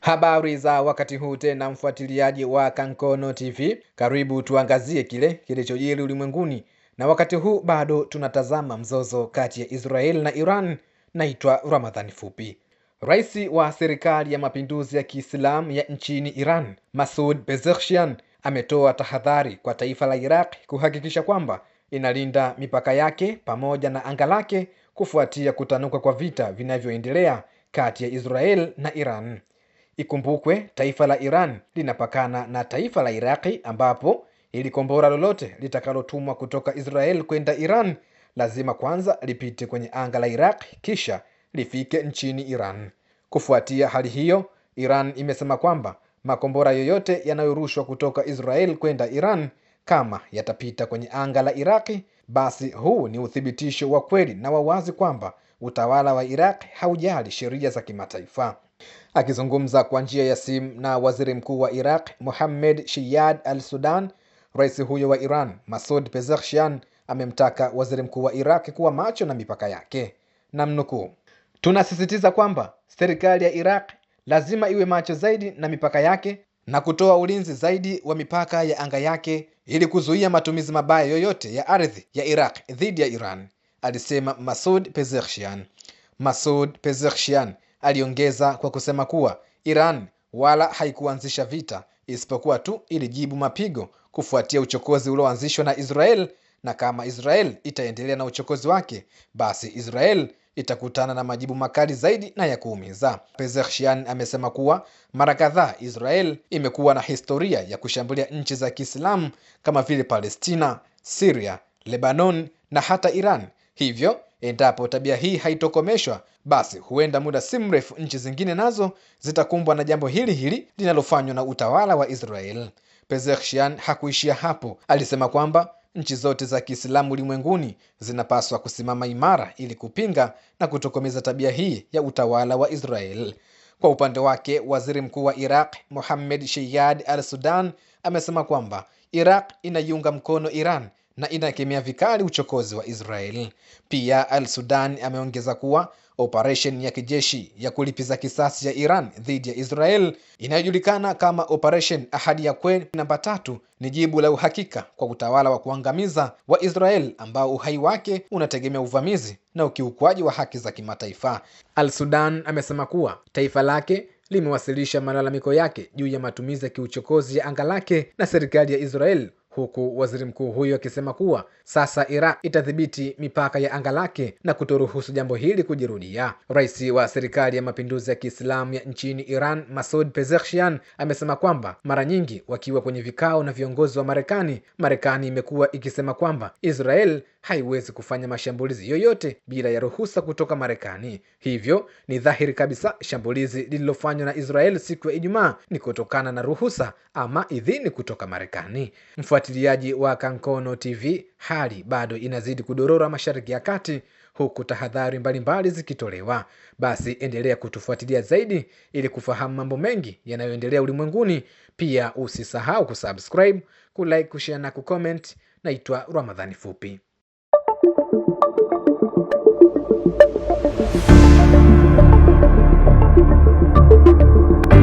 Habari za wakati huu tena, mfuatiliaji wa Kankono TV, karibu tuangazie kile kilichojiri ulimwenguni, na wakati huu bado tunatazama mzozo kati ya Israel na Iran. Naitwa Ramadhani Fupi. Rais wa serikali ya mapinduzi ya Kiislamu ya nchini Iran, Masoud Pezeshkian, ametoa tahadhari kwa taifa la Iraq kuhakikisha kwamba inalinda mipaka yake pamoja na anga lake kufuatia kutanuka kwa vita vinavyoendelea kati ya Israel na Iran. Ikumbukwe taifa la Iran linapakana na taifa la Iraqi ambapo ili kombora lolote litakalotumwa kutoka Israel kwenda Iran lazima kwanza lipite kwenye anga la Iraq kisha lifike nchini Iran. Kufuatia hali hiyo, Iran imesema kwamba makombora yoyote yanayorushwa kutoka Israel kwenda Iran kama yatapita kwenye anga la Iraqi, basi huu ni uthibitisho wa kweli na wa wazi kwamba utawala wa Iraq haujali sheria za kimataifa. Akizungumza kwa njia ya simu na waziri mkuu wa Iraq muhamed Shiyad al Sudan, rais huyo wa Iran Masud Pezeshkian amemtaka waziri mkuu wa Iraq kuwa macho na mipaka yake, na mnukuu, tunasisitiza kwamba serikali ya Iraq lazima iwe macho zaidi na mipaka yake na kutoa ulinzi zaidi wa mipaka ya anga yake ili kuzuia matumizi mabaya yoyote ya ardhi ya Iraq dhidi ya Iran, alisema Masud Pezeshkian. Masud Pezeshkian aliongeza kwa kusema kuwa Iran wala haikuanzisha vita isipokuwa tu ilijibu mapigo kufuatia uchokozi ulioanzishwa na Israel, na kama Israel itaendelea na uchokozi wake, basi Israel itakutana na majibu makali zaidi na ya kuumiza. Pezeshkian amesema kuwa mara kadhaa Israel imekuwa na historia ya kushambulia nchi za Kiislamu kama vile Palestina, Syria, Lebanon na hata Iran. Hivyo endapo tabia hii haitokomeshwa, basi huenda muda si mrefu nchi zingine nazo zitakumbwa na jambo hili hili linalofanywa na utawala wa Israel. Pezeshkian hakuishia hapo, alisema kwamba nchi zote za Kiislamu ulimwenguni zinapaswa kusimama imara ili kupinga na kutokomeza tabia hii ya utawala wa Israel. Kwa upande wake, waziri mkuu wa Iraq muhamed Shiyad al-Sudan amesema kwamba Iraq inaiunga mkono Iran na inakemea vikali uchokozi wa Israel. Pia Al Sudan ameongeza kuwa operation ya kijeshi ya kulipiza kisasi ya Iran dhidi ya Israel inayojulikana kama Operation Ahadi ya Kweli namba tatu ni jibu la uhakika kwa utawala wa kuangamiza wa Israel ambao uhai wake unategemea uvamizi na ukiukwaji wa haki za kimataifa. Al Sudan amesema kuwa taifa lake limewasilisha malalamiko yake juu ya matumizi ya kiuchokozi ya anga lake na serikali ya Israel huku waziri mkuu huyo akisema kuwa sasa Iraq itadhibiti mipaka ya anga lake na kutoruhusu jambo hili kujirudia. Rais wa serikali ya mapinduzi ya Kiislamu ya nchini Iran, Masud Pezeshkian, amesema kwamba mara nyingi wakiwa kwenye vikao na viongozi wa Marekani, Marekani imekuwa ikisema kwamba Israel haiwezi kufanya mashambulizi yoyote bila ya ruhusa kutoka Marekani. Hivyo ni dhahiri kabisa shambulizi lililofanywa na Israel siku ya Ijumaa ni kutokana na ruhusa ama idhini kutoka Marekani. Wafuatiliaji wa Kankono TV, hali bado inazidi kudorora Mashariki ya Kati, huku tahadhari mbalimbali zikitolewa. Basi endelea kutufuatilia zaidi ili kufahamu mambo mengi yanayoendelea ulimwenguni. Pia usisahau kusubscribe, kulike, kushare na kucomment. Naitwa Ramadhani Fupi.